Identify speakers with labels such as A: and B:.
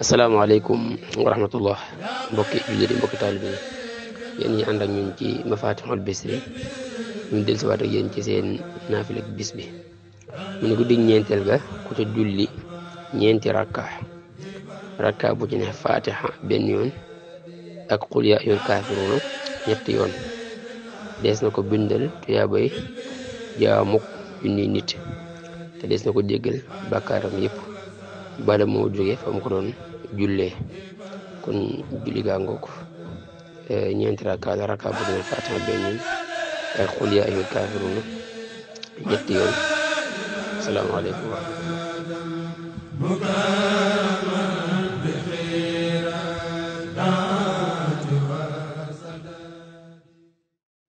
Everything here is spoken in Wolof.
A: asalaamaaleykum wa rahmatullah mbokki jullit yi mbokki taalibe yi yéen ñi ànd ak ñun ci mafatihul bisri ñu dellusiwaat ak yéen ci seen naafila bis bi mu ne guddi ñeenteel ga ku ca julli ñeenti rakka rakka bu ci ne fatiha benn yoon ak xul yaa ayyuhal ñetti yoon dees na ko bindal tuyaabay jaamuk junniy nit te dees na ko jéggal bàkkaaram yépp bala moo jóge fa mu ko doon jullee kon julli gaa ngoog eh, ñeenti rakka la fatiha benn yoon ak xul yaa ayyuhal kaafiruuna ñetti yoon asalaamaaleykum wa
B: rahmatullah